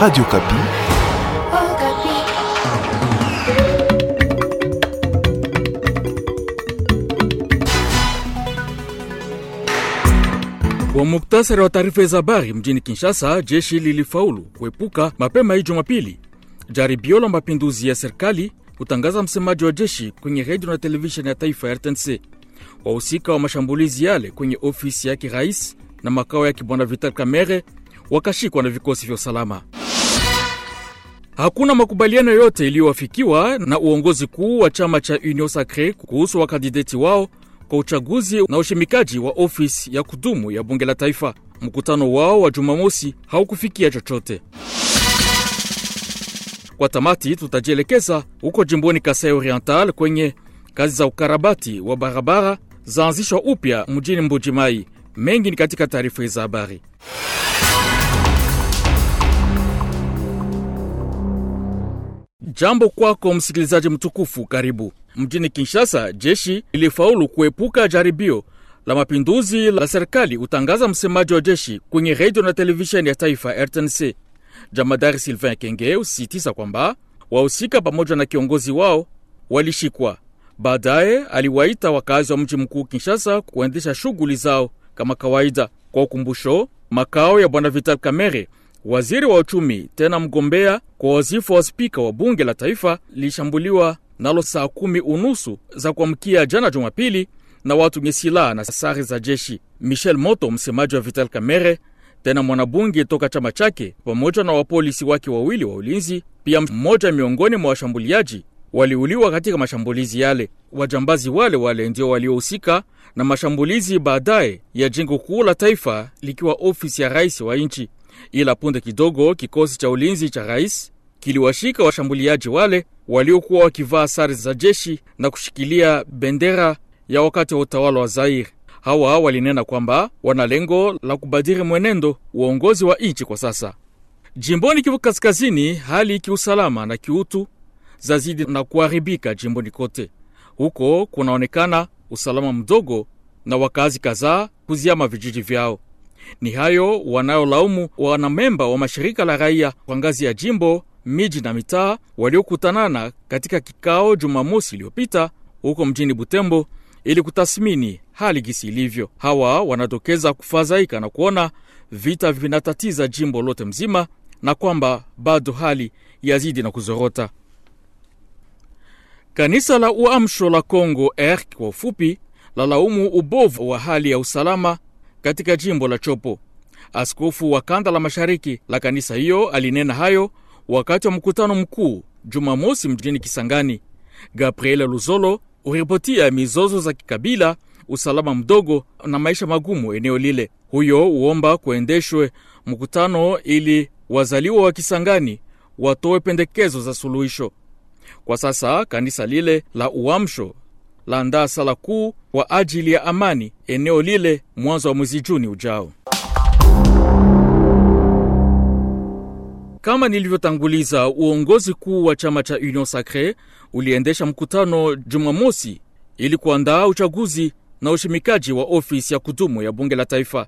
Radio Kapi. Oh, Kapi. Kwa muktasari wa taarifa za habari mjini Kinshasa, jeshi lilifaulu kuepuka mapema hii Jumapili jaribio la mapinduzi ya serikali, kutangaza msemaji wa jeshi kwenye redio na televisheni ya taifa ya RTNC. Wahusika wa mashambulizi yale kwenye ofisi ya kiraisi na makao ya kibwana Vital Kamerhe wakashikwa na vikosi vya usalama. Hakuna makubaliano yote iliyowafikiwa na uongozi kuu wa chama cha Union Sacre kuhusu wakandideti wao kwa uchaguzi na ushimikaji wa ofisi ya kudumu ya bunge la taifa. Mkutano wao wa Jumamosi haukufikia chochote. Kwa tamati, tutajielekeza huko jimboni Kasai Oriental kwenye kazi za ukarabati wa barabara zaanzishwa upya mjini mbujimai Mengi ni katika taarifa za habari. Jambo kwako msikilizaji mtukufu, karibu. Mjini Kinshasa, jeshi lilifaulu kuepuka jaribio la mapinduzi la serikali, utangaza msemaji wa jeshi kwenye redio na televisheni ya taifa RTNC. Jamadari Sylvain Kenge usisitiza kwamba wahusika pamoja na kiongozi wao walishikwa. Baadaye aliwaita wakazi wa mji mkuu Kinshasa kuendesha shughuli zao kama kawaida. Kwa ukumbusho, makao ya bwana Vital Kamerhe waziri wa uchumi tena mgombea kwa wazifu wa spika wa bunge la taifa lilishambuliwa nalo saa kumi unusu za kuamkia jana Jumapili na watu wenye silaha na sare za jeshi. Michel Moto, msemaji wa Vital camere tena mwanabunge toka chama chake, pamoja na wapolisi wake wawili wa ulinzi, pia mmoja miongoni mwa washambuliaji waliuliwa katika mashambulizi yale. Wajambazi wale wale ndio waliohusika na mashambulizi baadaye ya jengo kuu la taifa likiwa ofisi ya rais wa nchi ila punde kidogo kikosi cha ulinzi cha rais kiliwashika washambuliaji wale waliokuwa wakivaa sare za jeshi na kushikilia bendera ya wakati wa utawala wa zair Hawa walinena kwamba wana lengo la kubadiri mwenendo uongozi wa nchi kwa sasa. Jimboni Kivu Kaskazini, hali kiusalama na kiutu zazidi na kuharibika jimboni kote. Huko kunaonekana usalama mdogo na wakazi kadhaa kuziama vijiji vyao. Ni hayo wanayolaumu wanamemba wa mashirika la raia kwa ngazi ya jimbo, miji na mitaa waliokutanana katika kikao Jumamosi iliyopita huko mjini Butembo ili kutathmini hali gisi ilivyo. Hawa wanatokeza kufadhaika na kuona vita vinatatiza jimbo lote mzima na kwamba bado hali yazidi na kuzorota. Kanisa la Uamsho la congo ERK kwa ufupi, lalaumu ubovu wa hali ya usalama katika jimbo la Chopo. Askofu wa kanda la mashariki la kanisa hiyo alinena hayo wakati wa mkutano mkuu Jumamosi mjini Kisangani. gabriel Luzolo huripotia mizozo za kikabila, usalama mdogo na maisha magumu eneo lile. Huyo uomba kuendeshwe mkutano ili wazaliwa wa Kisangani watoe pendekezo za suluhisho. Kwa sasa kanisa lile la Uamsho la ndaa sala kuu kwa ajili ya amani eneo lile mwanzo wa mwezi Juni ujao. Kama nilivyotanguliza, uongozi kuu wa chama cha Union Sacre uliendesha mkutano Jumamosi ili kuandaa uchaguzi na ushimikaji wa ofisi ya kudumu ya bunge la taifa.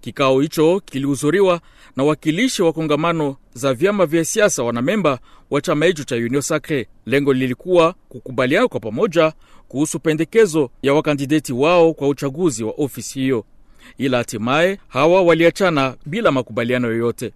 Kikao hicho kilihudhuriwa na wakilishi wa kongamano za vyama vya siasa, wanamemba wa chama hicho cha Union Sacre. Lengo lilikuwa kukubaliana kwa pamoja kuhusu pendekezo ya wakandideti wao kwa uchaguzi wa ofisi hiyo, ila hatimaye hawa waliachana bila makubaliano yoyote.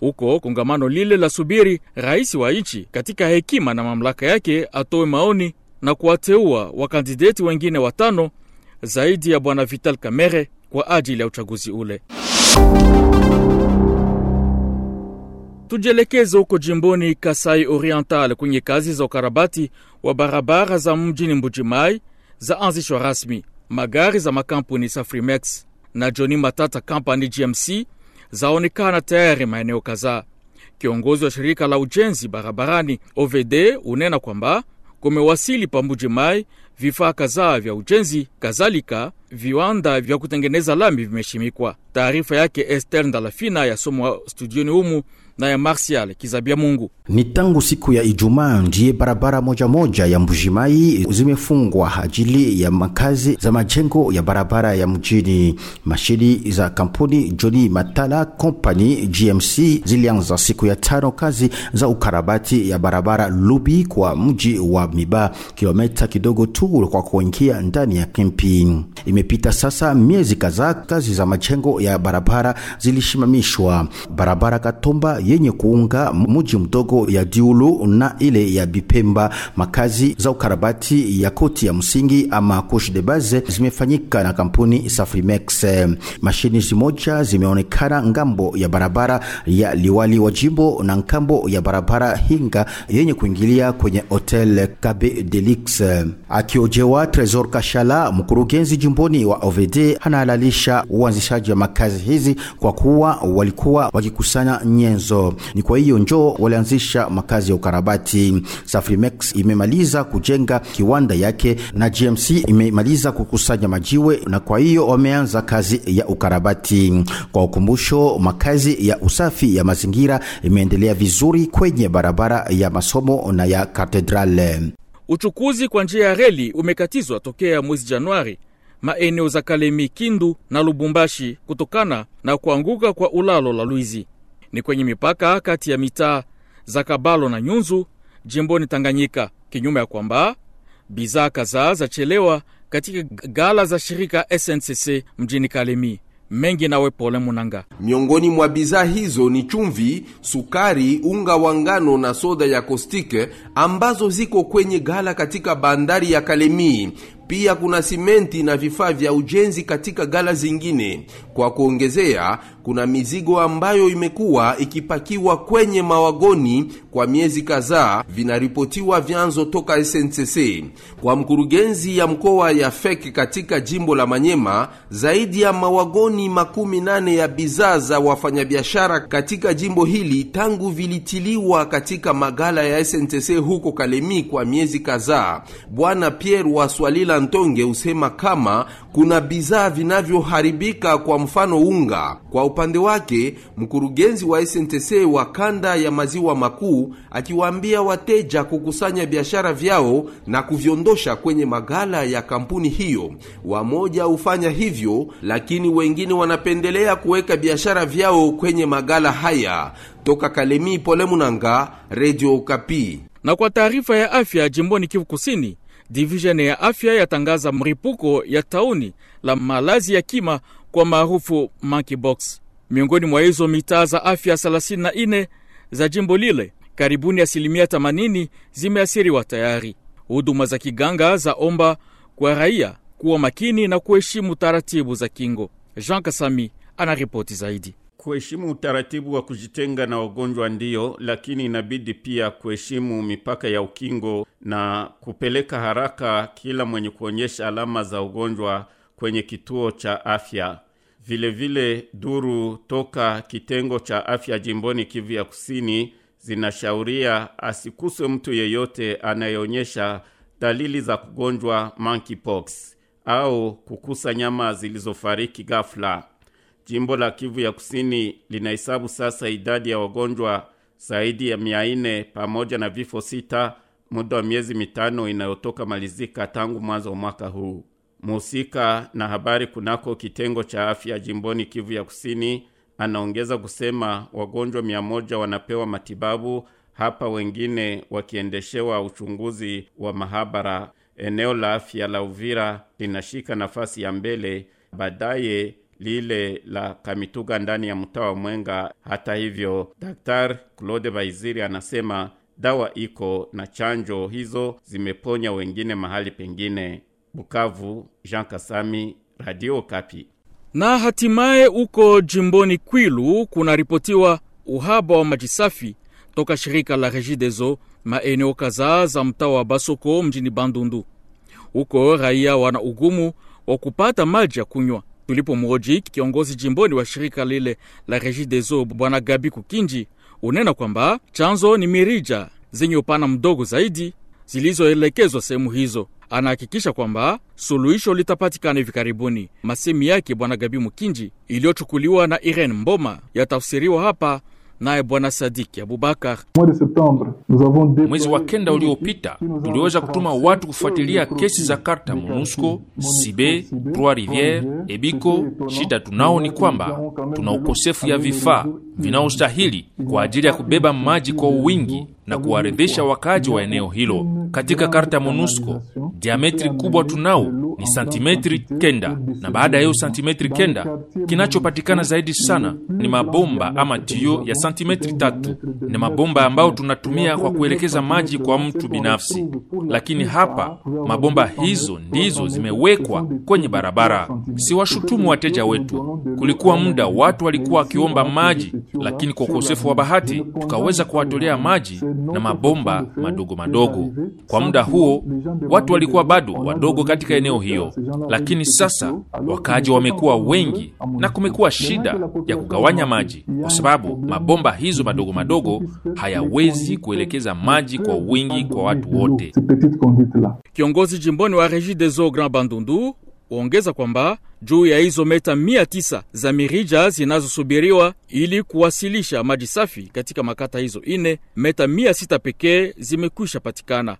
Huko kongamano lile la subiri rais wa nchi katika hekima na mamlaka yake atoe maoni na kuwateua wakandideti wengine watano zaidi ya bwana Vital Kamerhe kwa ajili ya uchaguzi ule. Tujielekeze huko jimboni Kasai Oriental kwenye kazi za ukarabati wa barabara za mjini Mbujimai za anzishwa rasmi. Magari za makampuni Safrimex na Johnny Matata Company GMC zaonekana tayari maeneo kadhaa. Kiongozi wa shirika la ujenzi barabarani OVD unena kwamba kumewasili pa Mbujimai vifaa kadhaa vya ujenzi, kadhalika viwanda vya kutengeneza lami vimeshimikwa. Taarifa yake Esther Ndalafina ya somo studioni humu na ya Martial Kizabia Mungu. Ni tangu siku ya Ijumaa ndiye barabara moja moja ya Mbujimai zimefungwa ajili ya makazi za majengo ya barabara ya mjini. Mashini za kampuni Johnny Matala Company GMC zilianza siku ya tano kazi za ukarabati ya barabara Lubi kwa mji wa Miba, kilomita kidogo tu kwa kuingia ndani ya kempin Imepita sasa miezi kadhaa, kazi za majengo ya barabara zilishimamishwa. Barabara Katomba yenye kuunga muji mdogo ya Diulu na ile ya Bipemba. Makazi za ukarabati ya koti ya msingi ama couche de base zimefanyika na kampuni Safrimex. Mashini zimoja zimeonekana ngambo ya barabara ya liwali wa jimbo na ngambo ya barabara Hinga yenye kuingilia kwenye hotel Cabe Delix. Akiojewa Tresor Kashala, mkurugenzi jimboni wa OVD, anahalalisha uanzishaji wa makazi hizi kwa kuwa walikuwa wakikusanya nyenzo hizo. Ni kwa hiyo njoo walianzisha makazi ya ukarabati. Safrimex imemaliza kujenga kiwanda yake na GMC imemaliza kukusanya majiwe, na kwa hiyo wameanza kazi ya ukarabati. Kwa ukumbusho, makazi ya usafi ya mazingira imeendelea vizuri kwenye barabara ya masomo na ya katedrale. Uchukuzi kwa njia ya reli umekatizwa tokea mwezi Januari maeneo za Kalemi, Kindu na Lubumbashi kutokana na kuanguka kwa ulalo la Luizi ni kwenye mipaka kati ya mitaa za Kabalo na Nyunzu jimboni Tanganyika, kinyume ya kwamba bidhaa kadhaa zachelewa katika gala za shirika SNCC mjini Kalemi mengi nawe pole Munanga. Miongoni mwa bidhaa hizo ni chumvi, sukari, unga wa ngano na soda ya kostike ambazo ziko kwenye gala katika bandari ya Kalemie. Pia kuna simenti na vifaa vya ujenzi katika gala zingine. Kwa kuongezea, kuna mizigo ambayo imekuwa ikipakiwa kwenye mawagoni kwa miezi kadhaa, vinaripotiwa vyanzo toka SNCC. Kwa mkurugenzi ya mkoa ya FEK katika jimbo la Manyema, zaidi ya mawagoni makumi nane ya bidhaa za wafanyabiashara katika jimbo hili tangu vilitiliwa katika magala ya SNCC huko Kalemi kwa miezi kadhaa. Bwana Pierre Waswalila Mapela Ntonge husema kama kuna bidhaa vinavyoharibika, kwa mfano unga. Kwa upande wake, mkurugenzi wa SNTC wa kanda ya maziwa makuu akiwaambia wateja kukusanya biashara vyao na kuviondosha kwenye magala ya kampuni hiyo. Wamoja hufanya hivyo, lakini wengine wanapendelea kuweka biashara vyao kwenye magala haya. Toka Kalemi, Pole Munanga, Radio Kapi. Na kwa taarifa ya afya jimboni Kivu Kusini divisheni ya afya yatangaza mripuko ya tauni la malazi ya kima kwa maarufu monkeypox miongoni mwa hizo mitaa za afya 34 za jimbo lile, karibuni asilimia 80 zimeathiriwa tayari. Huduma za kiganga za omba kwa raia kuwa makini na kuheshimu taratibu za kingo. Jean Kasami anaripoti zaidi. Kuheshimu utaratibu wa kujitenga na wagonjwa ndiyo, lakini inabidi pia kuheshimu mipaka ya ukingo na kupeleka haraka kila mwenye kuonyesha alama za ugonjwa kwenye kituo cha afya. Vilevile vile duru toka kitengo cha afya jimboni Kivu ya Kusini zinashauria asikuswe mtu yeyote anayeonyesha dalili za kugonjwa monkeypox au kukusa nyama zilizofariki ghafla. Jimbo la Kivu ya Kusini linahesabu sasa idadi ya wagonjwa zaidi ya mia nne pamoja na vifo sita muda wa miezi mitano inayotoka malizika tangu mwanzo wa mwaka huu. Muhusika na habari kunako kitengo cha afya jimboni Kivu ya Kusini anaongeza kusema wagonjwa mia moja wanapewa matibabu hapa, wengine wakiendeshewa uchunguzi wa mahabara. Eneo la afya la Uvira linashika nafasi ya mbele, baadaye lile la Kamituga ndani ya mtaa wa Mwenga. Hata hivyo, dr Claude Baiziri anasema dawa iko na chanjo hizo zimeponya wengine mahali pengine. Bukavu, Jean Kasami, Radio Kapi. Na hatimaye uko jimboni Kwilu kunaripotiwa uhaba wa maji safi toka shirika la Regideso maeneo kadhaa za mtaa wa Basoko mjini Bandundu. Huko raia wana ugumu wa kupata maji ya kunywa. Tulipomhoji kiongozi jimboni wa shirika lile la Regideso bwana Gabi Kukinji unena kwamba chanzo ni mirija zenye upana mdogo zaidi zilizoelekezwa sehemu hizo. Anahakikisha kwamba suluhisho litapatikana hivi karibuni. Masemi yake bwana Gabi Mukinji iliyochukuliwa na Irene Mboma yatafsiriwa hapa Naye bwana Sadiki Abubakar, mwezi wa kenda uliopita tuliweza kutuma watu kufuatilia kesi za karta MONUSCO Sibe, Trois Rivières, Ebiko. Shida tunao ni kwamba tuna ukosefu ya vifaa vinaostahili kwa ajili ya kubeba maji kwa uwingi na kuwaridhisha wakaaji wa eneo hilo. Katika karta ya MONUSCO diametri kubwa tunao ni santimetri kenda, na baada ya hiyo santimetri kenda kinachopatikana zaidi sana ni mabomba ama tio ya santimetri tatu. Ni mabomba ambayo tunatumia kwa kuelekeza maji kwa mtu binafsi, lakini hapa mabomba hizo ndizo zimewekwa kwenye barabara. Siwashutumu wateja wetu, kulikuwa muda watu walikuwa wakiomba maji, lakini kwa ukosefu wa bahati tukaweza kuwatolea maji na mabomba madogo madogo. Kwa muda huo watu walikuwa bado wadogo katika eneo hiyo, lakini sasa wakaaji wamekuwa wengi na kumekuwa shida ya kugawanya maji, kwa sababu mabomba hizo madogo madogo hayawezi kuelekeza maji kwa wingi kwa watu wote. Kiongozi jimboni wa Regideso Grand Bandundu Waongeza kwamba juu ya hizo meta 9 za mirija zinazosubiriwa ili kuwasilisha maji safi katika makata hizo ine, meta 6 pekee zimekwisha patikana.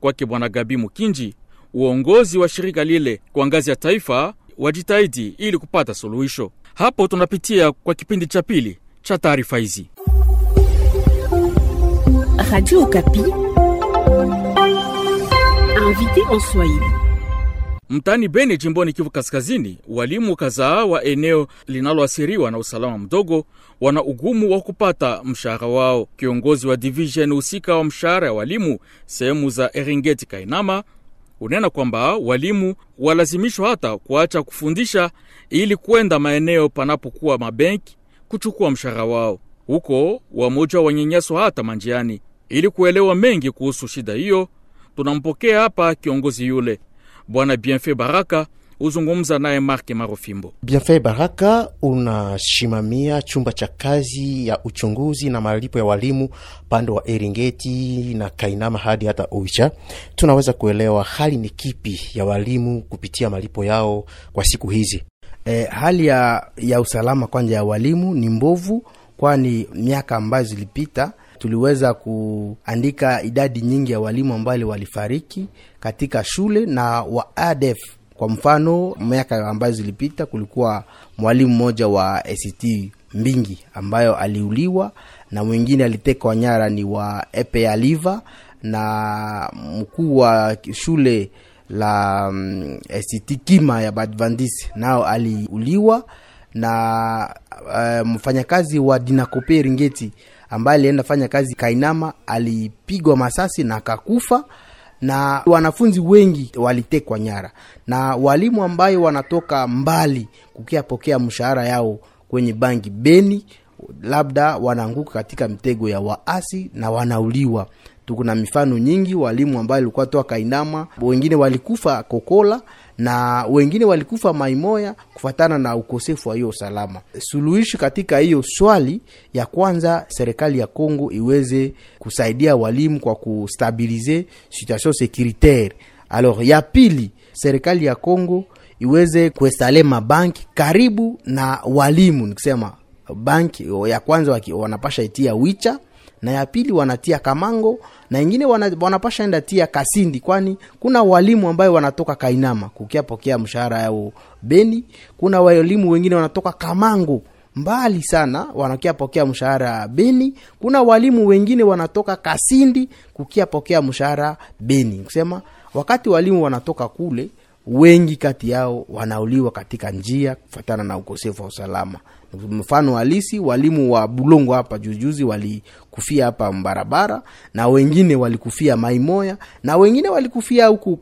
Kwake Bwana Gabi Mukinji, uongozi wa shirika lile kwa ngazi ya taifa wajitahidi ili kupata suluhisho. Hapo tunapitia kwa kipindi cha pili cha taarifa hizi. Radio Okapi invité en Swahili Mtaani Beni, jimboni Kivu Kaskazini, walimu kadhaa wa eneo linaloathiriwa na usalama mdogo wana ugumu wa kupata mshahara wao. Kiongozi wa divisheni husika wa mshahara ya walimu sehemu za Eringeti Kainama unena kwamba walimu walazimishwa hata kuacha kufundisha ili kwenda maeneo panapokuwa mabenki kuchukua mshahara wao. Huko wamoja wanyenyaswa hata manjiani. Ili kuelewa mengi kuhusu shida hiyo, tunampokea hapa kiongozi yule. Bwana Bienfait Baraka huzungumza naye Marke Marofimbo. Bienfait Baraka, unasimamia chumba cha kazi ya uchunguzi na malipo ya walimu pande wa Eringeti na Kainama hadi hata Oicha. Tunaweza kuelewa hali ni kipi ya walimu kupitia malipo yao kwa siku hizi? E, hali ya, ya usalama kwanja ya walimu ni mbovu, kwani miaka ambayo zilipita tuliweza kuandika idadi nyingi ya walimu ambao walifariki katika shule na wa ADF. E Kwa mfano, miaka ambayo zilipita kulikuwa mwalimu mmoja wa ACT Mbingi ambayo aliuliwa na mwingine alitekwa nyara ni wa Epe Aliva na mkuu wa shule la um, mm, ACT Kima ya Badvandisi nao aliuliwa na uh, mfanyakazi wa Dinakope Ringeti ambaye alienda fanya kazi Kainama alipigwa masasi na akakufa, na wanafunzi wengi walitekwa nyara, na walimu ambayo wanatoka mbali kukia pokea mshahara yao kwenye bangi Beni, labda wanaanguka katika mtego ya waasi na wanauliwa. Tuko na mifano nyingi, walimu ambayo walikuwa toa Kainama, wengine walikufa Kokola na wengine walikufa maimoya kufatana na ukosefu wa hiyo usalama. Suluhisho katika hiyo swali ya kwanza, serikali ya Kongo iweze kusaidia walimu kwa kustabilize situation securitaire. Alors ya pili, serikali ya Kongo iweze kuestale mabanki karibu na walimu, nikisema banki ya kwanza wanapasha itia wicha na ya pili wanatia Kamango na ingine wanapasha enda tia Kasindi, kwani kuna walimu ambayo wanatoka Kainama kukia pokea mshahara yao Beni. Kuna walimu wengine wanatoka Kamango mbali sana wanakia pokea mshahara Beni. Kuna walimu wengine wanatoka Kasindi kukia pokea mshahara Beni, kusema wakati walimu wanatoka kule wengi kati yao wanauliwa katika njia kufuatana na ukosefu wa usalama. Mfano halisi, walimu wa Bulongo hapa juzijuzi walikufia hapa mbarabara, na wengine walikufia Maimoya, na wengine walikufia huku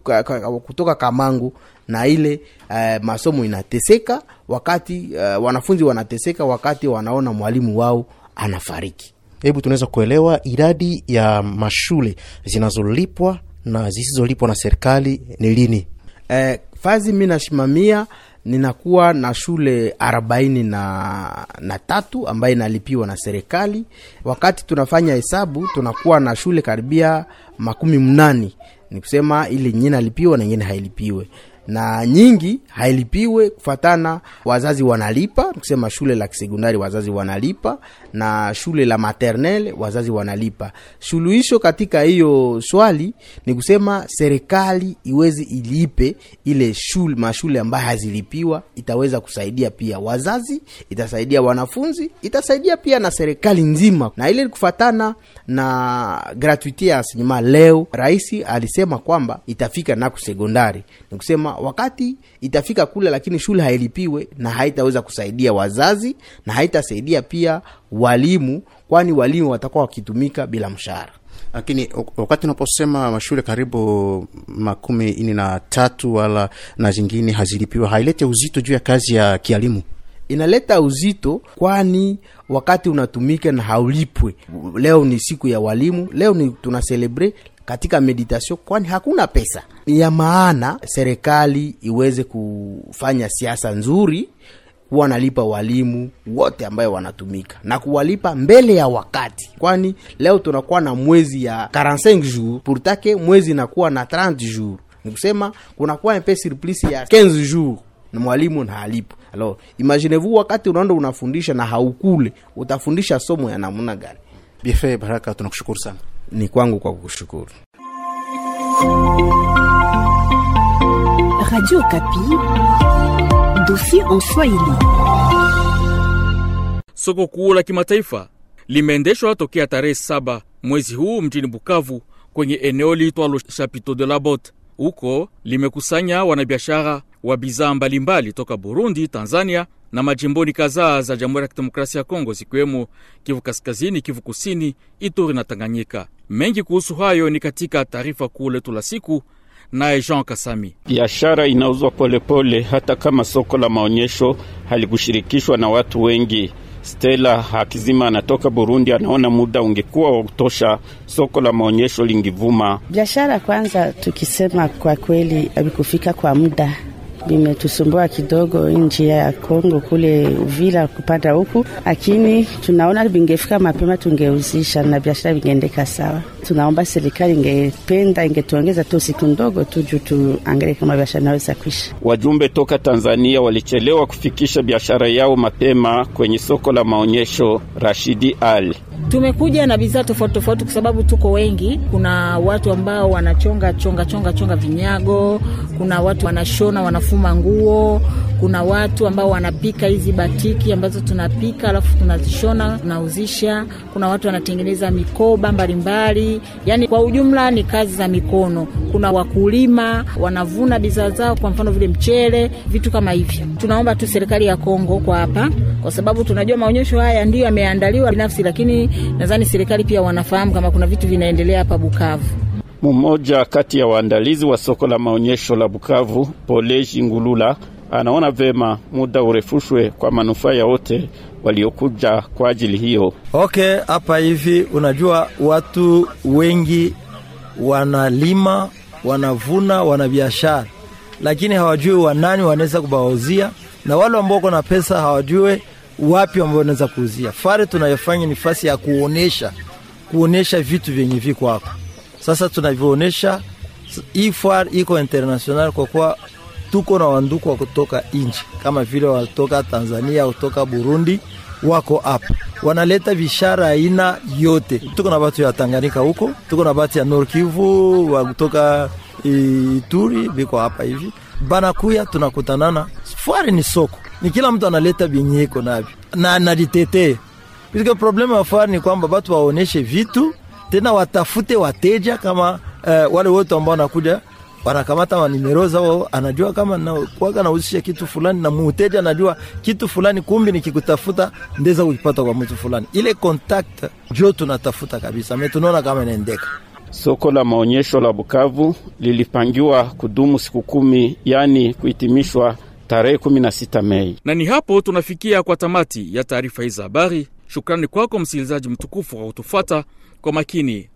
kutoka Kamangu na ile uh, masomo inateseka wakati uh, wanafunzi wanateseka wakati wanaona mwalimu wao anafariki. Hebu tunaweza kuelewa idadi ya mashule zinazolipwa na zisizolipwa na serikali ni lini? eh, fazi mi nashimamia ninakuwa na shule arobaini na, na tatu ambayo inalipiwa na serikali. Wakati tunafanya hesabu tunakuwa na shule karibia makumi mnani, ni kusema ili nyingine alipiwa na ingine hailipiwe na nyingi hailipiwe kufatana, wazazi wanalipa, kusema shule la kisekondari wazazi wanalipa na shule la maternel wazazi wanalipa. Suluhisho katika hiyo swali ni kusema serikali iwezi ilipe ile shule, mashule ambayo hazilipiwa, itaweza kusaidia pia wazazi, itasaidia wanafunzi, itasaidia pia na serikali nzima, na ile kufatana na gratuite ya sinema. Leo rais alisema kwamba itafika na kusekondari, ni kusema wakati itafika kule lakini shule hailipiwe na haitaweza kusaidia wazazi na haitasaidia pia walimu, kwani walimu watakuwa wakitumika bila mshahara. Lakini wakati unaposema mashule karibu makumi ini na tatu wala na zingine hazilipiwa, hailete uzito juu ya kazi ya kialimu inaleta uzito kwani wakati unatumika na haulipwe. Leo ni siku ya walimu, leo ni tunaselebre, katika meditation, kwani hakuna pesa ya maana serikali iweze kufanya siasa nzuri, kuwa nalipa walimu wote ambayo wanatumika na kuwalipa mbele ya wakati, kwani leo tunakuwa na mwezi ya 45 jours pourtake mwezi inakuwa na 30 jours, kusema kunakuwa mpe surplus ya 15 jours na mwalimu na halipo. alo. Imagine vous wakati unaenda unafundisha na haukule, utafundisha somo ya namna gani? Bife Baraka, tunakushukuru sana ni kwangu kwa kukushukuru. Radio Kapi, dosi en Swahili. Soko kuu la kimataifa limeendeshwa tokea tarehe saba mwezi huu mjini Bukavu kwenye eneo liitwalo chapito de la Botte. Huko limekusanya wanabiashara wa bidhaa mbalimbali toka Burundi, Tanzania na majimboni kadhaa za Jamhuri ya Kidemokrasia ya Kongo zikiwemo Kivu Kaskazini, Kivu Kusini, Ituri na Tanganyika. Mengi kuhusu hayo ni katika taarifa kuu letu la siku. Naye Jean Kasami, biashara inauzwa polepole hata kama soko la maonyesho halikushirikishwa na watu wengi. Stella Hakizima anatoka Burundi, anaona muda ungekuwa wa kutosha soko la maonyesho lingivuma biashara. Kwanza tukisema kwa kweli, alikufika kwa muda limetusumbua kidogo njia ya Kongo kule Uvila kupanda huku, lakini tunaona vingefika mapema tungeuzisha na biashara vingeendeka sawa. Tunaomba serikali ingependa ingetuongeza tu siku ndogo tu juu tuangalie kama biashara naweza kuisha. Wajumbe toka Tanzania walichelewa kufikisha biashara yao mapema kwenye soko la maonyesho Rashidi Ali Tumekuja na bidhaa tofauti tofauti kwa sababu tuko wengi. Kuna watu ambao wanachonga chonga chonga chonga vinyago, kuna watu wanashona wanafuma nguo, kuna watu ambao wanapika hizi batiki ambazo tunapika alafu tunazishona tunauzisha. Kuna watu wanatengeneza mikoba mbalimbali, yani kwa ujumla ni kazi za mikono. Kuna wakulima wanavuna bidhaa zao, kwa mfano vile mchele, vitu kama hivyo. Tunaomba tu serikali ya Kongo kwa hapa, kwa sababu tunajua maonyesho haya ndiyo yameandaliwa binafsi, lakini nadhani serikali pia wanafahamu kama kuna vitu vinaendelea hapa Bukavu. Mmoja kati ya waandalizi wa soko la maonyesho la Bukavu, Poleji Ngulula, anaona vema muda urefushwe kwa manufaa ya wote waliokuja kwa ajili hiyo. Okay, hapa hivi, unajua watu wengi wanalima, wanavuna, wana biashara, lakini hawajui wanani wanaweza kubawauzia, na wale ambao wako na pesa hawajue wapi ambao wanaweza kuuzia. Fare tunayofanya ni fasi ya kuonesha kuonesha vitu vyenye viko hapo. Sasa tunavyoonesha hii fare iko international kwa kuwa tuko na wanduku wa kutoka nchi kama vile watoka Tanzania, kutoka Burundi wako hapa wanaleta vishara aina yote. Tuko na watu ya Tanganyika huko, tuko na watu ya Nord Kivu wa kutoka eh, Ituri viko hapa hivi, banakuya tunakutanana. Fare ni soko ni kila mtu analeta iko navyo na analitetee, piske problemu ya far ni kwamba batu waoneshe vitu tena watafute wateja kama eh, wale wote ambao wanakuja wanakamata manimero zao, anajua kama nakuaga nahusisha kitu fulani na muteja anajua kitu fulani, kumbi nikikutafuta ndeza ukipata kwa mtu fulani. Ile contact jo tunatafuta kabisa, tunaona kama inaendeka. Soko la maonyesho la Bukavu lilipangiwa kudumu siku kumi, yani kuhitimishwa tarehe 16 Mei. Na ni hapo tunafikia kwa tamati ya taarifa hii za habari. Shukrani kwako msikilizaji mtukufu kwa kutufata kwa makini.